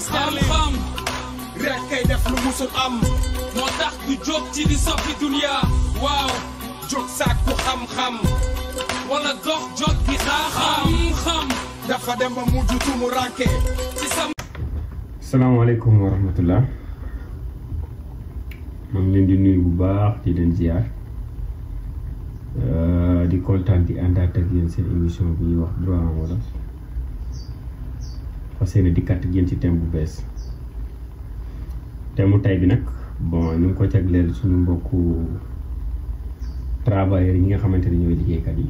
xam-xam rek kay def di soppi bu baax di leen ziar euh, di kontaan di àndaat ak yéen seen émission bu ñuy wax droit en wolof fas seen dikkaat génn ci thème bu bees thème mu tey bi nag bon ñu ngi ko jagleel suñu mbokku travailleurs yi nga xamante ne ñooy liggéeykat yi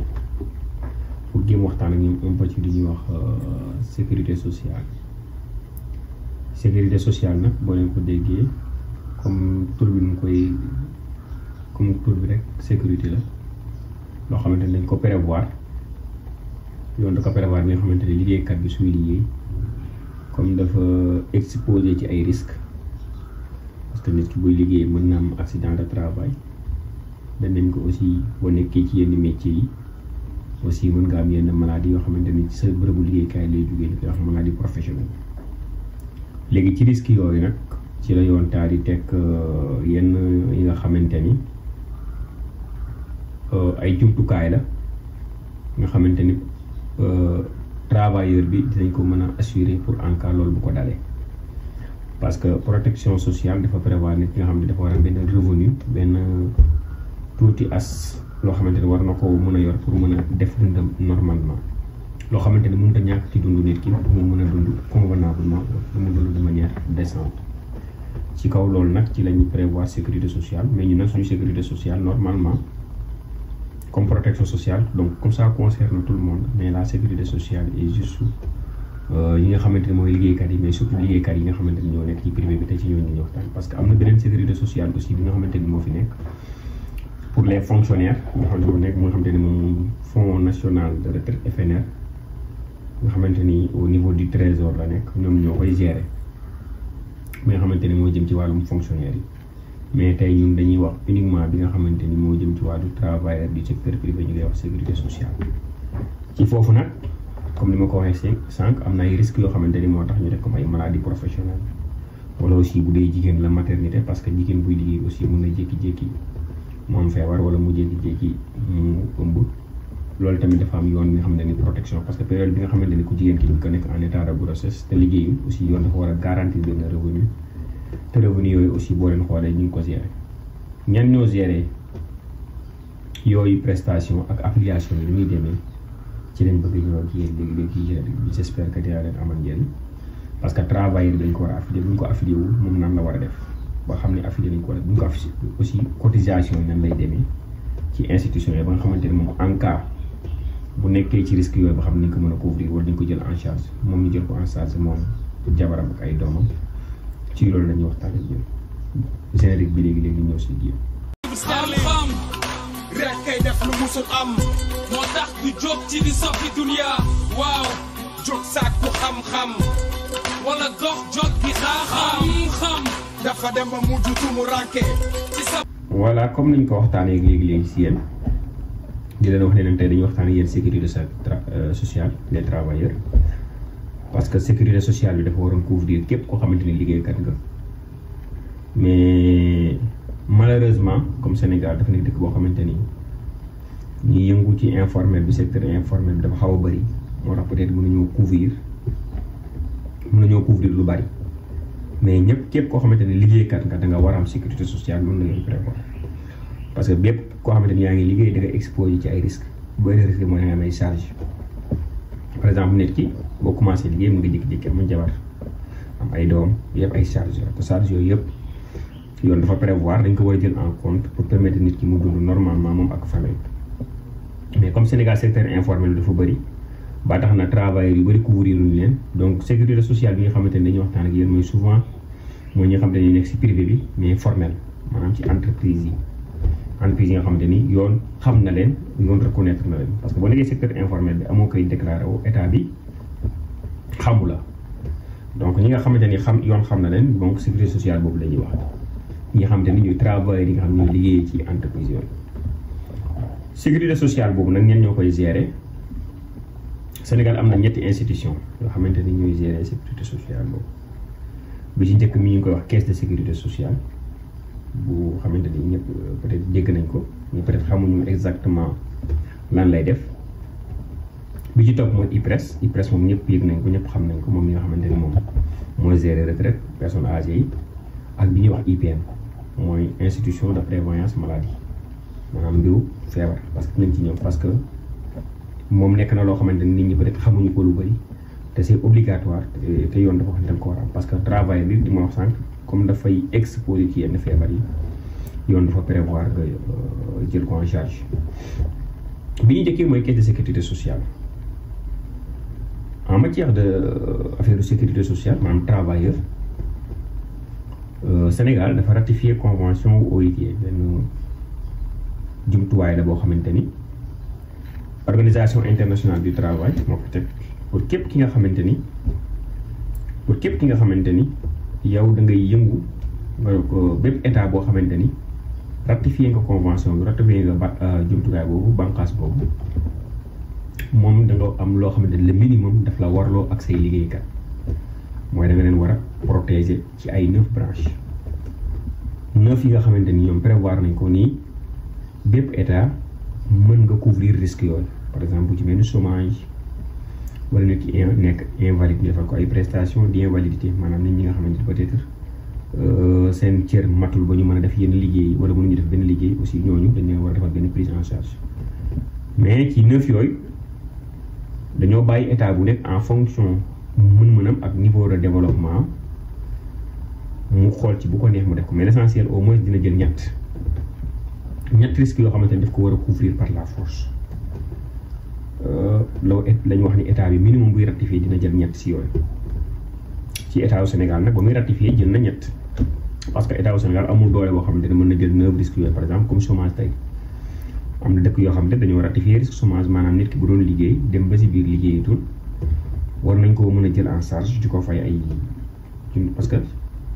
pour jéem waxtaan ak ñu un peu ci li ñuy wax euh, sécurité sociale sécurité sociale nag boo leen ko déggee comme tur bi ñu koy comme tur bi rek sécurité la loo xamante ne dañ ko prévoir yoon da ko prévoir nga xamante ne liggéeykat bi suy liggéey. comme dafa exposé ci ay risques parce que nit buy liggéey mën na am accident de travail danañ ko aussi boo nekkee ci yenn métiers yi aussi mën nga am yenn maladie yoo xamante ni ci sa bërëbu liggéeykaay lay jógee li koy wax maladie professionnelle léegi ci risques yooyu nag ci la yoon taal di teg euh, yenn yi nga xamante ni euh, ay jumtukaay la nga xamante ni. Euh, travailleur bi dinañ ko mën a assurer pour en loolu bu ko dalee parce que protection sociale dafa prévoir nit ki nga xam ne dafa war a benn revenu benn tuuti as loo xamante ne war na ko mën a yor pour mën a def dundam normalement loo xamante ne mënut a ñàkk ci dund nit ki pour mu mën a dund convenablement pour mu dund de manière décente ci kaw loolu nag ci la ñuy prévoir sécurité sociale mais ñu nag suñu sécurité sociale normalement comme protection sociale donc comme ça concerne tout le monde mais la sécurité sociale est juste euh, yi nga xamante ne mooy liggéeykat yi mais surtout liggéeykat yi nga xamante ne ñoo nekk ci privé bi te ci ñooñu ñuy waxtaan parce que am na beneen sécurité sociale aussi bi nga moo fi nekk pour les fonctionnaires nga xamante moo nekk moo xamante ni moom fonds national de retraite FNR nga xamante ni au niveau du trésor la nekk ñoom ñoo koy gérer mais nga xamante ni moo jëm ci wàllum fonctionnaires yi mais tey ñun dañuy wax uniquement bi nga xamante ni moo jëm ci wàllu travailleur du secteur privé ñu koy wax sécurité sociale. ci foofu nag comme ni ma ko waxee sànq am na ay risque yoo xamante ni moo tax ñu def comme ay maladie professionnelle wala aussi bu dee jigéen la maternité parce que jigéen buy liggéey aussi mun na jékki-jékki mu am feebar wala mu jékki-jékki mu ëmb. loolu tamit dafa am yoon bi nga xamante ni protection parce que période en état de grossesse te liggéeyu aussi yoon dafa war te yooyu aussi boo leen xoolee ñu ngi ko gérer ñan ñoo gérer yooyu prestation ak affiliation yi muy demee ci lañ bëgg ñëw ak yéen léegi léegi j' espère que dina leen amal parce que travail dañ ko war a affilier bu ñu ko affilier moom nan la war a def ba xam ne affilier dañ ko def a bu ñu ko affilier aussi cotisation nan lay demee ci institution yi ba nga xamante ne moom en bu nekkee ci risque yooyu ba xam ne dañ ko mën a couvrir wala dañ ko jël en charge moom ñu jël ko en charge moom jabaram ak ay doomam. ci loolu la ñuy waxtaan ak yéen générique bi léegi léegi ñëw si jéem. lu musul am moo tax du jóg ci di soppi dunia waaw jóg sàkku xam-xam wala dox jóg gi xam-xam dafa dem ba mujj tuumu ci sa. voilà comme niñ ko waxtaanee léegi léegi si yéen di wax ne leen tey waxtaan ak sécurité euh, sociale les travailleurs. parce que sécurité sociale bi dafa waroon couvrir képp koo xamante ni liggéeykat nga mais comme Sénégal dafa nekk dëkk boo xamante ni ñuy yëngu ci informel bi secteur informel bi dafa xaw a bëri moo peut-être mën nañoo couvrir mën nañoo couvrir lu bari mais ñëpp képp koo xamante ni liggéeykat nga da nga war a am sécurité sociale loolu la ñuy prévoir parce que bépp koo xamante ni yaa ngi liggéey da nga exposé ci ay risques boo risque mooy da nga ay charge par exemple nit ki. boo commencé liggéey mu ngi dikk-dikk amul jabar am ay doom yëpp ay charge la te charge yooyu yëpp yoon dafa prévoir dañ ko war a jël en compte pour permettre nit ki mu dund normalement moom ak famille mais comme Sénégal secteur informel dafa bëri ba tax na travailleurs yu bëri couvrir ñu leen donc sécurité sociale bi nga xamante ni dañuy waxtaan ak yéen mooy souvent mooy ñu nga xam ne dañuy nekk si privé bi mais formel maanaam ci entreprise yi entreprise yi nga xamante ni yoon xam na leen yoon reconnaître na leen parce que boo nekkee bi amoo koy déclaré wu état bi xamu la donc ñi nga xamante ni xam yoon xam na leen donc sécurité sociale boobu la ñuy wax ñi nga xamante ni ñuy travail yi nga xam ñuy liggéey ci entreprise yooyu. sécurité sociale boobu nag ñen ñoo koy gérer Sénégal am na ñetti institution yoo xamante ni ñooy gérer sécurité sociale boobu bu si njëkk mi ñu koy wax caisse de sécurité sociale bu xamante ni ñëpp peut-être dégg nañ ko mais peut-être xamuñu exactement lan lay def. bi ci topp mooy IPRES IPRES moom ñëpp yëg nañ ko ñëpp xam nañ ko moom mi nga xamante ne moom mooy gérer retraite personnes âgées yi ak bi ñuy wax IPM mooy institution de prévoyance maladie maanaam mbiru feebar parce que nañ ci ñëw parce que moom nekk na loo xamante ni nit ñi peut-être xamuñu ko lu bëri te c'est obligatoire te yoon dafa wax ne da ko war parce que travail bi di ma wax sànq comme dafay exposé ci yenn feebar yi yoon dafa prévoir nga euh, jël ko en charge bi ñu njëkkee mooy caisse sécurité sociale. en matière de euh, affaire de sécurité sociale maanaam travailleur euh, Sénégal dafa ratifier convention wu OIT benn jumtuwaay la boo xamante ni organisation internationale du travail moo ko teg pour képp ki nga xamante ni pour képp ki nga xamante ni yow da ngay yëngu euh, bépp état boo xamante ni ratifier nga convention bi ratifier nga ba jumtukaay boobu bànqaas boobu moom da nga am loo xamante ne le minimum daf la warloo ak say liggéeykat mooy da nga leen war a protéger ci ay neuf branches neuf yi nga xamante ni ñoom prévoir nañ ko nii bépp état mën nga couvrir risque yooyu par exemple ci benn chômage wala nit ki nekk invalide ñu defal ko ay prestation prestations d'invalidité maanaam nit ñi nga xamante ni peut-être. Euh, seen cër matul ba ñu mën a def yenn liggéey wala mënuñu def benn liggéey aussi ñooñu dañ leen war a benn prise en charge dañoo bàyyi état bu nekk en fonction mu mën-mënam ak niveau de développement mu xool ci bu ko neex mu def ko mais l'essentiel au moins dina jël ñett ñett risque yoo xamante ne def ko war a couvrir par la force euh, loolu it lañu wax ni état bi minimum buy ratifié dina jël ñett si yoon ci état wu Sénégal nag ba muy ratifié jël na ñett parce que état Sénégal amul doole boo xamante ne mën na jël neuf risques yooyu par exemple comme chômage tey am na dëkk yoo xam ne dañoo ratifié risque chômage maanaam nit ki bu doon liggéey dem ba si biir liggéeyatul war nañ ko mën a jël en charge di ko fay ay parce que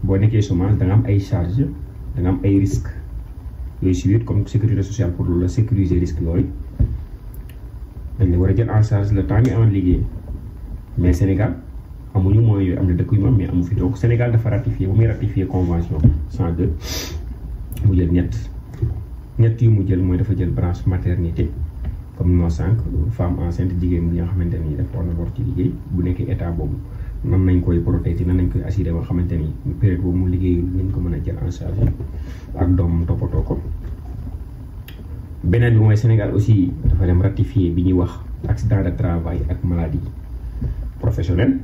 boo nekkee chômage da nga am ay charge da am ay risque yooyu si biir comme sécurité sociale pour la sécuriser risque yooyu dañ la war a jël en charge le temps ñu amal liggéey mais Sénégal amuñu moyens yooyu am na dëkk yu am mais amu fi donc Sénégal dafa ratifié bu muy ratifié convention 102 mu jël ñett. ñett mu jël mooy dafa jël branche maternité comme non sànq femme enceinte jigéen bi nga xamante ni dafa war na ci liggéey bu nekkee état boobu nan nañ koy protéger nan nañ koy assurer ba xamante ni période boobu mu liggéeyul nañ ko mën a jël en charge ak doom toppatoo ko. beneen bi mooy Sénégal aussi dafa dem ratifier bi ñuy wax accident de travail ak maladie professionnelle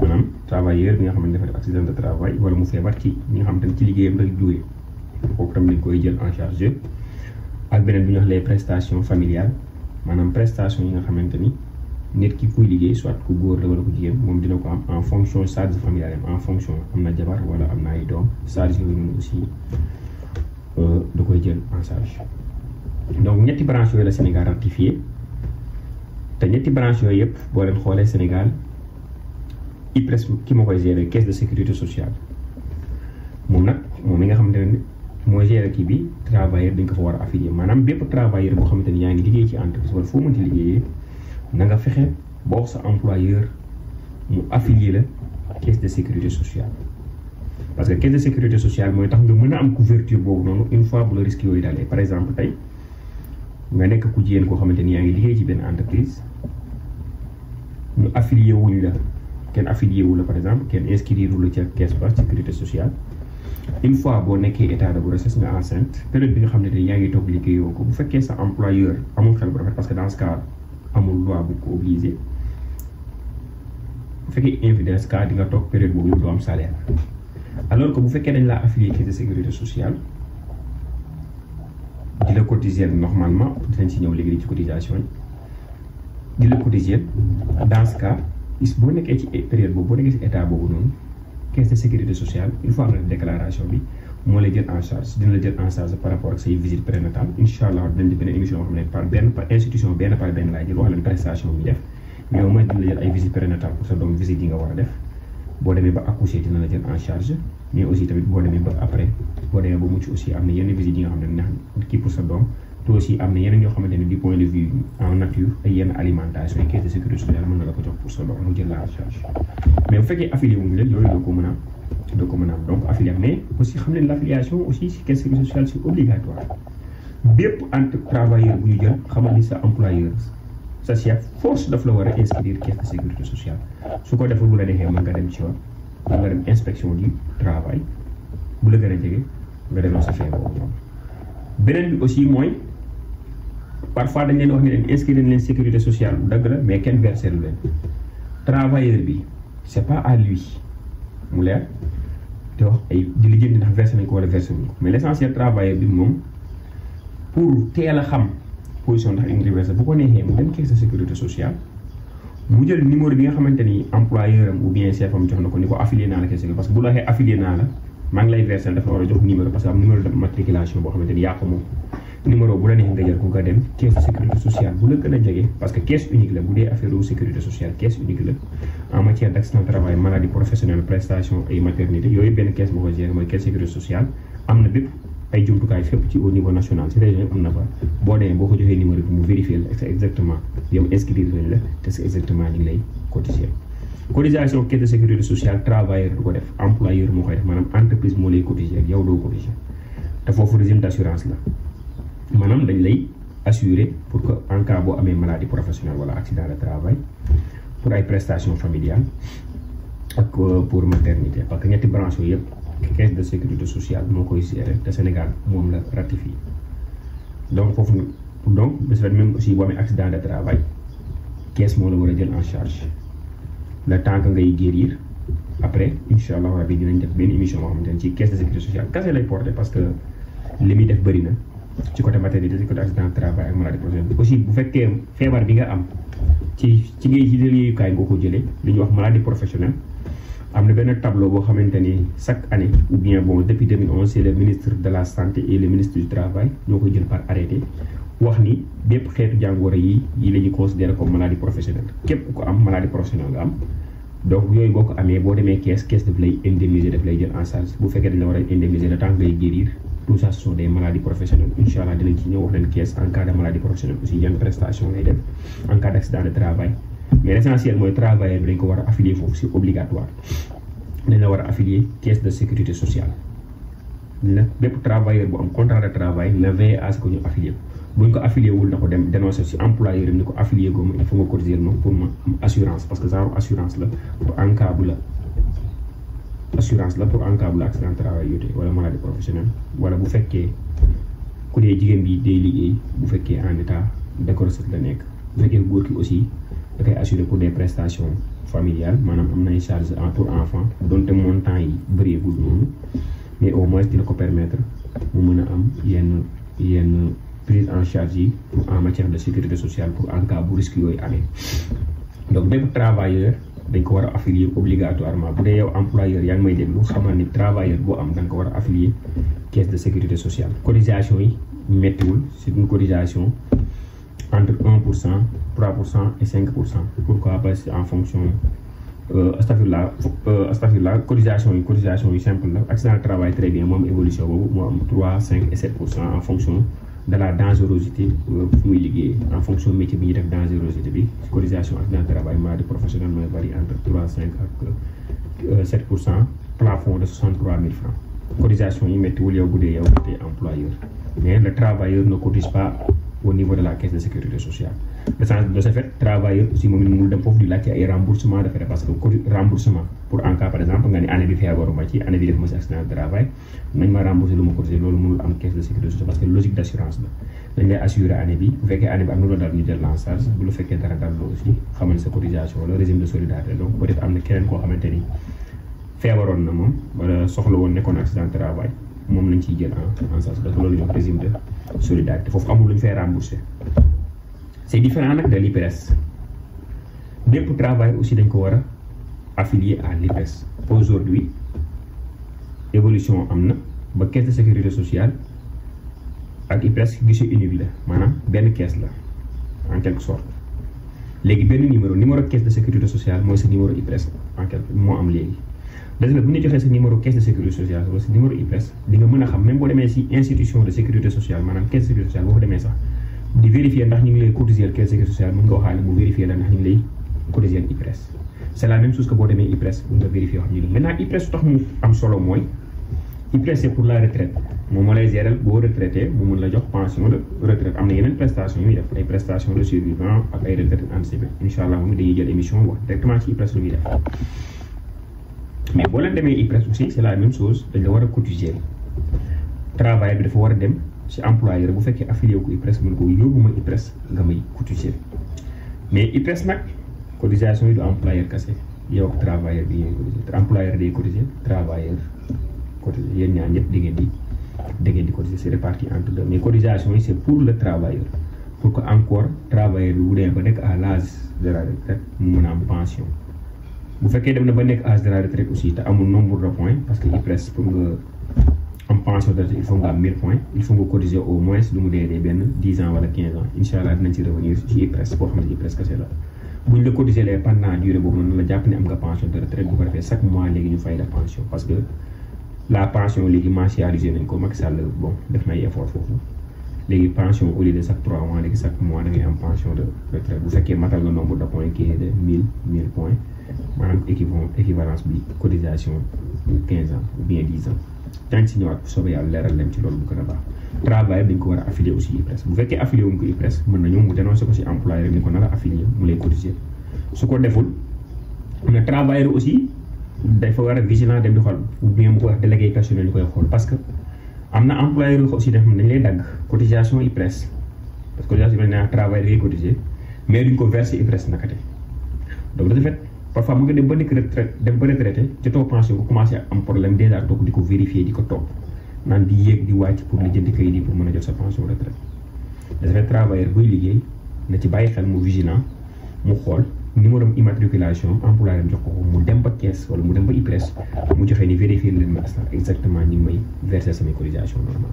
maanaam travailleur bi nga xamante ni dafa def accident de travail wala mu feebar ci ñi nga xamante ni ci liggéeyam lay jógee. kooku tam dañ koy jël en charge ak beneen bu ñu wax les prestations familiales maanaam prestation yi nga xamante ni nit ki kuy liggéey soit ku góor la ko jigéen moom dina ko am en fonction charge familiale en fonction am na jabar wala am na yi doom charge yooyu noonu si euh, du koy jël en charge donc ñetti branches yooyu la Sénégal ratifié te ñetti branches yooyu yëpp boo leen xoolee Sénégal IPRES ki ma koy gérer caisse de sécurité sociale moom nag moom mi nga xamante mooy gérer kii bi travailleur dañ ko fa war a affilier maanaam bépp travailleur boo xamante ni yaa ngi liggéey ci entreprise wala foo mënti liggéeyee nanga fexe ba wax sa employeur mu affilier la caisse de sécurité sociale. parce que caisse de sécurité sociale mooy tax nga mën a am couverture boobu noonu une fois bu la risque yooyu dalee par exemple tey nga nekk ku jigéen koo xamante ni yaa ngi liggéey ci benn entreprise ñu affilier wuñ la kenn affilier wu la par exemple kenn inscrire wu la ca caisse ba sécurité sociale. une fois boo nekkee état de grossesse nga enceinte période bi nga xam ne te yaa ngi toog liggéeyoo ko bu fekkee sa employeur amul xel bu rafet parce que dans ce amul loi bu ko obligé bu fekkee infidèles cas di nga toog période boobu yëpp doo am salaire alors que bu fekkee dañ laa affilié ci sécurité sociale di la cotiser normalement dinañ ci ñëw léegi ci cotisation yi di la cotiser dans ce cas boo nekkee ci période boobu boo nekkee si état boobu noonu. caisse de sécurité sociale une fois am na déclaration bi moo lay jël en charge dina la jël en charge par rapport ak say visite prénatale incha institution benn par benn laay jël wax leen prestation bi def mais au la jël ay visite prénatale pour sa doom visite yi nga war a def boo demee ba accoucher dina la jël en charge mais aussi tamit boo demee ba après boo demee ba mucc aussi am na yenn visite yi nga xam ne neex kii pour sa doom te aussi am na yeneen yoo xamante ne du point de vue en nature ay yenn alimentation yi caisse de sécurité sociale mën na la ko jox pour sa doom mu jël la en charge mais bu fekkee affilié wu leen yooyu ko mën a doo ko mën donc affilié mais aussi xam ne l' affiliation aussi si caisse de sécurité sociale c' est obligatoire bépp entre travailleur bu ñu jël xamal ni sa employeur sa chef force daf la war a inscrire caisse de sécurité sociale su ko defee bu la neexee mën nga dem ci yoon nga dem inspection du travail bu la gën sa fee boobu noonu beneen parfois dañ leen wax ne leen inscrire nañ leen sécurité sociale dëgg la mais kenn verser leen travailleur bi c'est pas à lui mu leer te wax ay di liggéey ndax verser nañ ko wala verser nañ ko mais l'essentiel travailleur bi moom a xam position ndax indi verser bu ko neexee mu dem caisse de sécurité sociale mu jël numéro bi nga xamante ni employeur am ou bien chef jox na ko ni ko affilié naa la caisse parce que bu la waxee affilié naa la maa ngi lay verser dafa war a jox numéro parce que am numéro de matriculation boo xamante ni yaa numéro bu la neexee nga jël ko nga dem keesu sécurité sociale bu la gën a jege parce que caisse unique la bu dee affaire u sécurité sociale caisse unique la en matière d' accident travail maladie professionnelle prestation et maternité yooyu benn caisse boo ko sécurité sociale am na bépp ay jumtukaay fépp ci au niveau national ci région am na fa boo demee boo ko joxee numéro bi mu vérifier la exactement yow inscrire nañ la te c'est exactement li lay ko def employeur moo koy maanaam entreprise moo lay cotiser yow doo cotiser te foofu maanaam dañ lay assurer pour que en cas boo amee maladie professionnelle wala accident de travail pour ay prestation familiales ak euh, pour maternité parce que ñetti branches yooyu yëpp caisse de sécurité sociale moo koy gérer te Sénégal moom la ratifié donc foofu donc de ce fait même aussi boo amee accident de travail caisse moo la war a jël en charge le temps que ngay guérir après incha allah rabi dinañ def benn émission boo xamante ne ci caisse de sécurité sociale kase lay li muy def bëri na. ci côté maternité ci côté accident de travail ak maladie professionnelle aussi bu fekkee feebar bi nga am ci ci ngay ci liggéeyukaay nga ko jëlee lu ñuy wax maladie professionnelle am na benn tableau boo xamante ni chaque année ou bien bon depuis 2011 c'est le ministre de la santé et le ministre du travail ñoo ko jël par arrêté wax ni bépp xeetu jàngoro yi yi la ñuy considéré comme maladie professionnelle képp ko am maladie professionnelle nga am boo ko amee boo demee kees kees bu fekkee dañ tout ça ce sont des maladies professionnelles incha allah dinañ ci ñëw wax leen kees en cas de maladie professionnelle aussi yan prestation lay def en cas d' accident de travail mais essentiel mooy travailleur bi dañ ko war a affilier foofu c' a affilier caisse de sécurité na bépp travailleur bu am contrat de travail na veille à que bu ñu ko dem dénoncer ci employeur yi ni ko affilier gooma il faut cotiser moom pour ma am assurance parce que genre assurance la pour en cas bu la assurance la pour en cas bu la accident travail yoote wala maladie professionnelle wala bu fekkee ku dee jigéen bi day liggéey bu fekkee en état de grossesse la nekk bu fekkee góor ki aussi da koy assuré pour des prestation familiales maanaam am nay charge en pour enfant donte montant yi bëreegul loolu mais au moins dina ko permettre mu mën a am yenn yenn prise en charge yi pour en matière de sécurité sociale pour en cas bu risque yooyu amee donc bépp dañ ko war a affilier obligatoirement bu dee yow employeur yaa ngi may déglu xamal ni travailleur boo am da ko war a affilier caisse de sécurité sociale. cotisation yi méttiwul c'est une cotisation entre un pour cent 3 pour cent et 5 pour cent pourquoi parce que en fonction astafurla euh, astafurla euh, cotisation yi cotisation yi simple la accident de travail très bien moom évolution boobu moo am 3 5 et 7 pour cent en fonction. de la dangerosité fu muy liggéey en fonction métier bi ñu def dangerosité bi cotisation accident de travail maladie professionnelle mooy varie entre trois cinq ak euh, sept pour cent plafond de soixante trois mille francs cotisation yi méttiwul yow bu dee yow tey employeur mais le travailleur ne cotise au niveau de la caisse de sécurité sociale de ce fait travailleur aussi moom it mënul dem foofu di laajte ay remboursement de frais parce que remboursement pour en cas par exemple nga ne année bi feebaruma ci année bi def ma si accident de travail nañ ma remboursé lu ma cotisé loolu mënul am caisse de sécurité sociale parce que logique d' la dañ lay assuré année bi bu fekkee année bi am na loolu daal ñu jël en charge bu la fekkee dara daal loolu aussi xamal sa cotisation la régime de solidarité donc peut être am na keneen koo xamante feebaroon na moom wala soxla woon nekkoon accident de travail moom lañ ciy jël en en charge parce que loolu ñu dañ ko war affiliés à l'IPES. Aujourd'hui, évolution am na ba caisse de sécurité sociale ak IPES guichet unique la maanaam benn caisse la en quelque sorte léegi benn numéro numéro caisse de sécurité sociale mooy sa numéro IPES en quelque moo am léegi. des na bu ñu joxee sa numéro caisse de sécurité sociale sa numéro IPES di mën a xam même boo demee si institution de sécurité sociale maanaam caisse de sécurité sociale boo fa demee sax di ndax ñu ngi lay cotiser caisse de sécurité sociale mën c' est la même boo demee IPRES pour nga vérifier yoo xam ne maintenant IPRES tax mu am solo mooy IPRES pour la retraite moom moo lay gérer boo retraité mu mun la jox pension de retraite am na yeneen prestation yu muy def ay prestation de survivant ak ay retraite anticipée incha allah moom dañuy jël émission wax directement ci IPRES lu muy def mais boo leen demee IPRES aussi c' est la même chose dañ la war a cotiser travail bi dafa war a dem ci bu fekkee affilié ko IPRES mën ko yóbbu ma IPRES nga cotisation yi du employeur kese yow ak travailleur bi yéen cotiser employeur day cotiser travailleur cotiser yéen ñaar ñëpp da ngeen di da ngeen di cotiser c'est réparti entre deux mais cotisation yi c'est pour le travailleur pour que encore travailleur bi bu ba nekk à l'âge de la retraite mu mën a am pension bu fekkee dem na ba nekk âge de la retraite aussi te amul nombre de points parce que IPRES pour nga am pension de retraite il faut nga am 1000 points il faut nga cotiser au moins lu mu dee dee benn 10 ans wala 15 ans incha allah dinañ ci revenir ci IPRES boo xam ne IPRES kese buñ la cotiser lee pendant durée boobu noonu la jàpp ne am nga pension de retraite bu ko defee chaque mois léegi ñu fay la pension parce que la pension léegi mensualisé nañ ko Macky Sall bon def na ay effort foofu léegi pension au lieu de chaque 3 mois léegi chaque mois da ngay am pension de retraite bu fekkee matal nga nombre de points qui est de 1000 1000 points maanaam équivalence équivalence bi cotisation 15 ans ou bien 10 ans tant si ñëwaat bu soobee ci loolu a travail dañ ko war a affilier aussi IPRES bu fekkee affilier wuñ ko IPRES mën na ñëw mu dénoncé ko si employeur ni ko na la mu lay cotiser su ko deful le travailleur aussi dafa war a dem di xool ou bien ko wax délégué koy xool parce que am na employeur yoo aussi dañ da ngay cotiser mais duñ ko verser IPRES nakate donc de ce fait parfois mu ngi dem ba nekk retraite dem ba retraité jotoo pension bu commencé am problème dèjà toog di ko vérifier di ko topp. maanaam di yéeg di wàcc pour li jënd kayit mën a jot sa pension retraite dafa fekk buy liggéey na ci bàyyi xel mu vigilant mu xool numéro immatriculation employeur jox ko mu dem ba caisse wala mu dem ba IPRES mu joxe ni vérifier leen ma instant exactement ñu may verser samay cotisation normale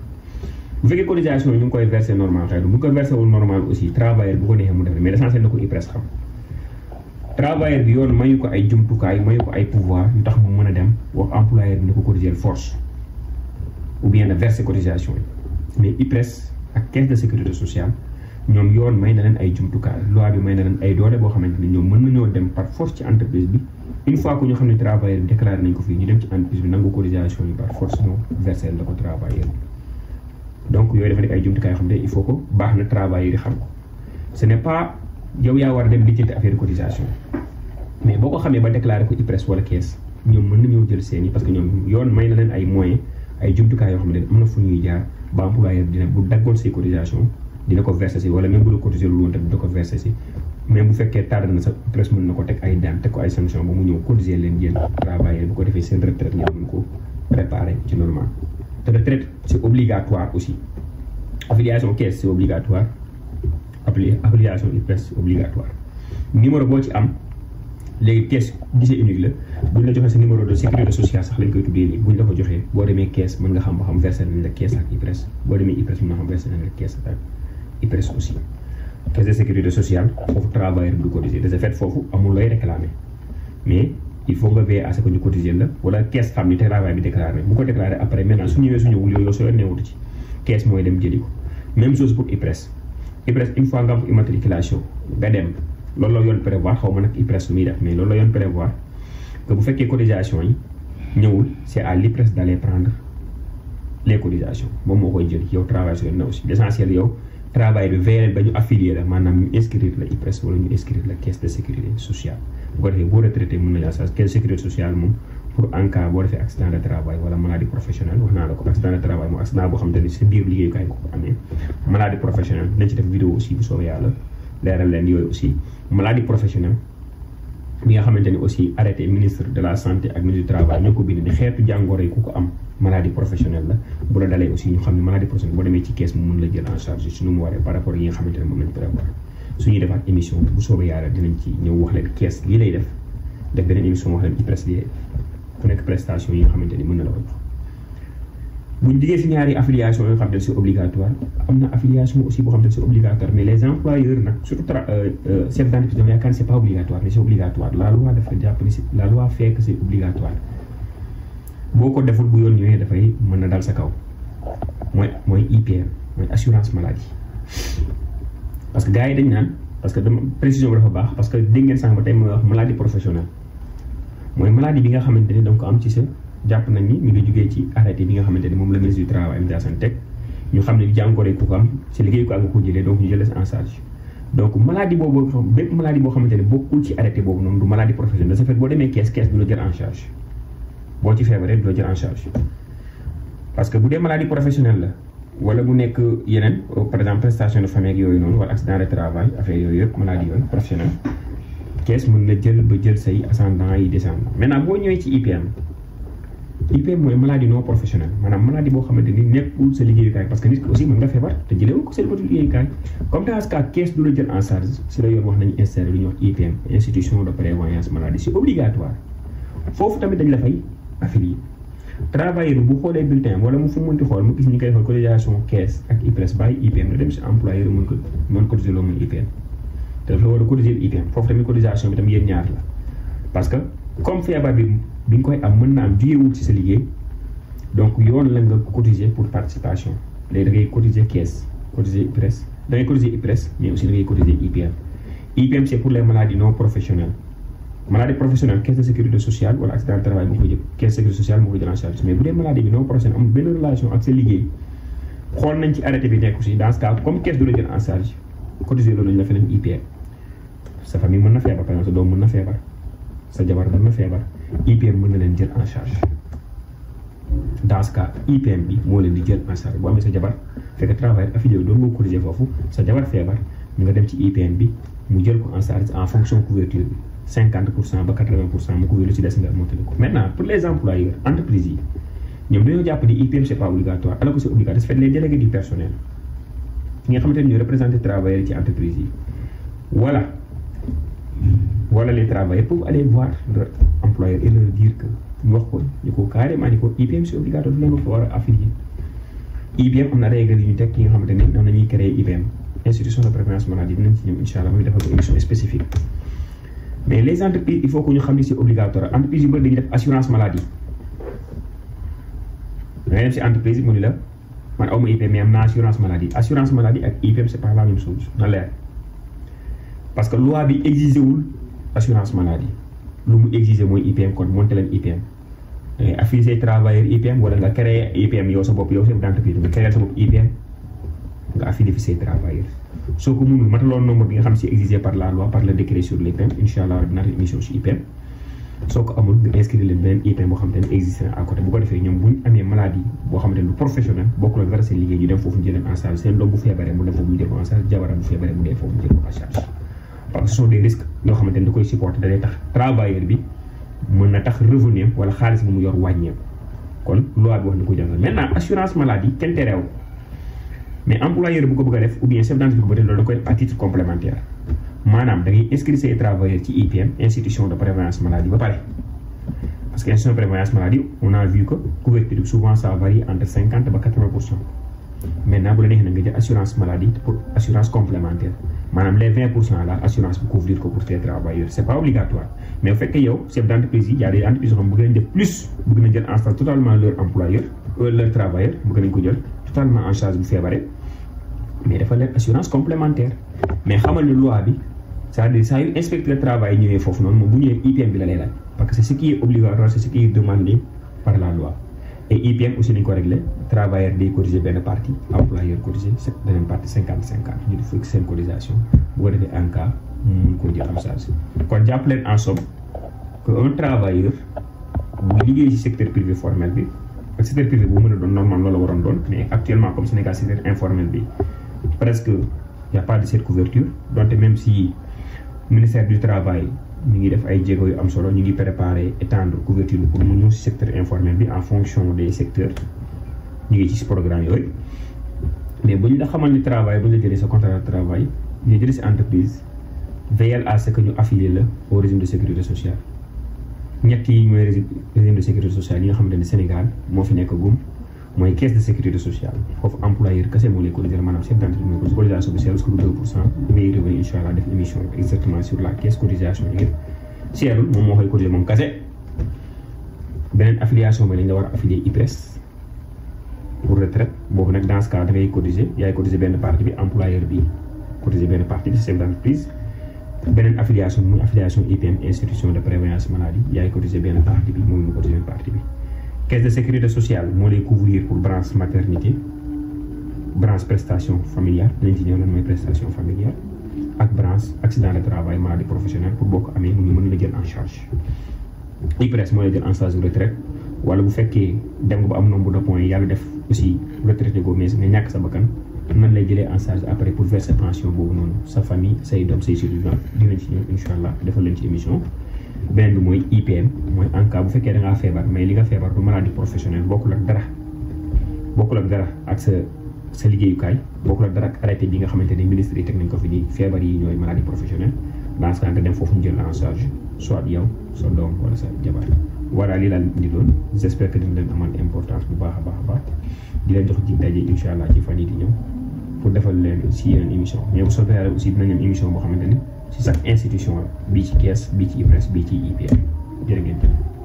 bu fekkee cotisation ñu ngi koy verser normal xëy bu ko verser wul normal aussi travailleur bu ko neexee mu def mais l'essentiel na ko IPRES xam travailleur bi yoon mayu ko ay jumtukaay mayu ko ay pouvoir yu tax mën a dem wax employeur bi ne ko cotiser force ou bien na verse cotisation yi mais IPRES ak caisse de sécurité sociale ñoom yoon may na leen ay jumtukaay loi bi may na leen ay doole boo xamante ni ñoom mën nañoo dem par force ci entreprise bi une fois que ñu xam ne travailleur bi déclaré nañ ko fii ñu dem ci entreprise bi nangu cotisation yi par force ñoo verser la ko travailleur bi donc yooyu dafa nekk ay jumtukaay yoo xam ne il faut ko baax na travailleur yi xam ko ce n'est pas yow yaa war a dem cotisation mais boo ko xamee ba déclaré ko IPRES wala caisse ñoom mën nañoo jël seen yi parce que ñoom yoon may na leen ay moyens ay jumtukaay yoo xam ne am na fu ñuy jaar ba employeur dina bu daggoon say cotisation dina ko verser si wala bu la cotiser lu woon tamit dina ko verser si bu fekkee tardé na sa presque mën na ko teg ay daan teg ko ay sanction ba mu ñëw cotiser leen yéen travailleur bu ko defee seen retraite ngeen mën ko préparer ci normal te retraite c'est obligatoire aussi affiliation caisse c'est obligatoire appli affiliation UPS c'est obligatoire numéro boo ci am léegi kees guichet unique la buñ la joxee sa numéro de sécurité sociale sax lañ koy tuddee nii buñ la ko joxee boo demee kees mën nga xam ba xam versé nañ la kees ak boo demee IPRES mën nga xam versé nañ la kees ak IPRES aussi. caisse de sécurité sociale foofu travailleur du cotiser de ce fait foofu amul looy réclamer mais il faut nga veiller à ce que ñu cotiser la wala kees xam ni travail bi déclaré bu ko déclaré après maintenant su ñëwee su ñëwul pour IPRES IPRES une fois nga am loolu la yoon prévoir xaw ma nag IPRES lu muy def mais loolu la yoon prévoir que bu fekkee cotisation yi ñëwul c' est à l'IPRES d' aller prendre les cotisations moom moo koy jël yow travail sur na aussi l' maanaam ñu inscrire la IPRES wala ñu inscrire la caisse de sécurité sociale bu ko defee boo retraité mën na la caisse de sécurité moom pour en boo defee accident de travail wala maladie professionnelle wax naa la ko accident de travail moom accident boo xam ne maladie professionnelle dinañ ci def vidéo aussi bu soobee yàlla leeral leen yooyu aussi maladie professionnelle bi nga xamante ni aussi arrêté ministre de la santé ak ministre du travail ñoo ko bind ni xeetu jàngoro yi ku ko am maladie professionnelle la bu la dalee aussi ñu xam ne maladie professionnelle boo demee ci kees mu mun la jël en charge suñu mu ne moom lañ prévoir suñuy defaat émission bu soobee yàlla dinañ ci ñëw wax leen kees lii lay def def beneen émission wax leen ci presse bi ku nekk prestation yi nga xamante ni mën na la ko bu ñu liggéey si ñaari affiliation yoo xam ne c'est obligatoire am na affiliation aussi boo xam ne c'est obligatoire mais les employeurs nag surtout tra euh, euh, chef d'entreprise ñoom yaakaar ne c'est pas obligatoire mais c'est obligatoire la jàpp ni la loi fait que obligatoire boo ko deful bu yoon ñëwee dafay mën na daal sa kaw mooy mooy IPM mooy assurance maladie parce que gars yi dañ naan parce que dama précision bi dafa baax parce que dégg ngeen sànq ba tey mooy wax maladie professionnelle mooy maladie nga xamante ne da nga ko am ci sa. jàpp nañ ni mi ngi jugee ci arrêté bi nga xamante ni moom la ministre du travail Aminata Assane teg ñu xam ne jàngoro ku ko am si liggéey ko ak ko jëlee donc ñu jëlee en charge donc maladie boobu bépp maladie boo xamante ne bokkul ci arrêté boobu noonu du maladie professionnelle de ce fait boo demee kees kees du la jël en charge boo ci feebaree du la jël en charge parce que bu dee maladie professionnelle la wala bu nekk yeneen par exemple prestation de famille ak yooyu noonu wala accident de travail affaire yooyu yëpp maladie yooyu professionnelle kees mën na jël ba jël say ascendant yi descendant maintenant boo ñëwee ci IPM IPM mooy maladie non professionnelle maanaam maladie boo xamante ni nekkul sa liggéeyukaay parce que nit ki aussi mën nga feebar te jëlewu ko sa liggéeyukaay wala mu fu mënti xool mu gis ñu koy xool cotisation caisse ak IPRES bàyyi IPM la dem si employeur mën ko mën cotiser loo mën te dafa war a comme feebar bi bi nga koy am mën na am jugewul ci sa liggéey donc yoon la nga cotiser pour participation léegi da ngay cotiser caisse cotiser IPRES da ngay cotiser IPRES mais aussi da ngay cotiser IPM IPM c'est pour les maladies non professionnelles maladie professionnelle caisse de sécurité sociale wala accident de travail moo ko jël caisse de sécurité sociale moo ko jël en charge mais bu dee maladie bi non professionnelle amul benn relation ak sa liggéey xool nañ ci arrêté bi nekk aussi dans ce cas comme caisse du la jël en charge cotiser loolu lañ la feneen IPM sa famille mën na feebar par exemple sa doom mën na feebar sa jabar mën na feebar IPM mën na leen jël en charge dans ce bi moo leen di jël en charge bu amee sa jabar fekk travail affilié doon moo corrigé foofu sa jabar feebar nga dem ci IPM bi mu jël ko en charge en fonction couverture bi cinquante pour cent ba quatre pour cent mu couvrir lu ci des nga montali ko. maintenant pour les employeurs entreprises yi ñoom dañoo jàpp ni IPM c' est pas obligatoire alors que c' est obligatoire su fekkee les délégués du personnel nga xamante ne ñooy représenté travailleurs ci entreprise yi voilà voilà les travailleurs employeur et leur dire wax ko ñu ko carrément ni ko IPM c'est obligatoire du leen ko war a IPM am na règle yu ñu teg ki nga xamante ni noonu la ñuy créer IPM institution de prévoyance maladie dinañ ci ñëw incha allah muy defal ko émission spécifique. mais les entreprises il faut que ñu xam ni si obligatoire entreprise yu bëri dañuy def assurance maladie da ngay dem si entreprise mu ni la man aw IPM mais am na assurance maladie assurance maladie ak IPM c'est pas la parce que loi bi assurance maladie. lu mu exiger mooy IPM kon monté leen IPM da ngay eh, afficher travailleur IPM wala nga créer IPM yow sa bopp yow chef d'entreprise nga créer sa bopp IPM nga afficher say travailleurs soo bu ko defee ñoom bu ñu amee maladie boo xam ne lu professionnel bokkul ak dara seen liggéey ñu dem foofu ñu jëlee seen doom bu feebaree mu dem foofu ñu jël par sur des risques yoo xamante ni da koy supporter da na tax revenu wala xaalis bi mu yor wàññeeku kon loi ko jàngal maintenant assurance maladie kenn tereewu mais employeur bu ko def ou bien chef d'entreprise bu ko def loolu da institution de prévoyance maladie ba pare. parce que institution de prévoyance maladie on a vu que ba quatre-vingts pour cent maintenant bu la neexee nga jël assurance maladie pour assurance complémentaire. maanaam les assurance bu couvrir ko pour tes travailleurs c' pas obligatoire mais bu fekkee yow chef d' entreprise yi y a des entreprises yoo xam bëgg jël en charge totalement leur employeur euh, leur travailleur bëgg nañ ko jël totalement en charge bu feebaree mais dafa leen assurance complémentaire mais xamal ne loi bi c'est-à-dire saa yu inspecteur de ñëwee foofu noonu moom bu ñëwee IPM bi la lay parce que c' est ce qui est obligatoire c' ce travailleur day cotiser benn partie employeur cotiser beneen partie cinquante cinquante ñu def seen cotisation bu ko defee en cas ñu mun koo jël en charge kon jàpp leen en somme que un travailleur bu liggéey ci secteur privé formel bi ak secteur privé bu mën a doon normal loolu waroon doon mais actuellement comme Sénégal secteur informel bi presque y a pas de cette couverture donte même si ministère du travail ñu ngi def ay jéego yu am solo ñu ngi préparer étendre couverture pour mu ñëw ci secteur informel bi en fonction des secteurs ñu ngi ci programme yooyu mais bu ñu la xamal ni travail bu ñu la sa contrat de travail ñu jëlee sa entreprise veiller à ce que ñu affilié la au régime de sécurité sociale ñett yi mooy régime de sécurité sociale yi nga xamante ne Sénégal moo fi nekk gum mooy caisse de sécurité sociale foofu employeur kese moo lay cotiser maanaam chef d'entreprise mooy cotiser cotisation seerul la caisse cotisation yëpp seerul moom moo koy cotiser moom kese beneen affiliation bi lañ la war a affilier IPRES pour retraite boobu nag dans ce cas da yaay cotiser benn parti bi employeur bi cotiser benn parti bi chef d'entreprise beneen affiliation muy affiliation IPM institution de prévoyance maladie yaay cotiser benn partie bi moom mu cotiser benn partie bi. caisse de sécurité sociale moo lay couvrir pour branche maternité branche prestation familiale dinañ ci ñëw lan mooy prestation familiale ak branche accident de travail maladie professionnelle pour bokk amee mu ngi mën la jël en charge IPRES moo lay jël en wala bu fekkee dem nga ba am nombre de points yàlla def aussi retraité go mais nga ñàkk sa bakkan nan lay jëlee en charge après pour verser pension boobu noonu sa famille say doom say survivants dinañ ci ñëw incha allah defal leen bi mooy IPM mooy en cas bu fekkee da ngaa mais li nga feebar du maladie professionnelle bokkul ak dara bokkul ak dara ak sa sa liggéeyukaay bokkul ak dara ak bi nga xamante ne ministre yi teg nañ ko fi nii feebar yi ñooy maladie professionnelle dans ce cas nga dem foofu ñu jël en charge soit yow sa doom wala sa jabar. voilà lii laa leen indi doon j'espère leen amal importance bu baax a baax a baax di leen jox dig daje incha allah ci fan yi di ñëw pour defal leen si yeneen émission mais bu soobee yàlla aussi dinañ am émission boo xamante ne si chaque institution la bii ci kees bi ci IPRES bii ci IPM jërë ngeen jëf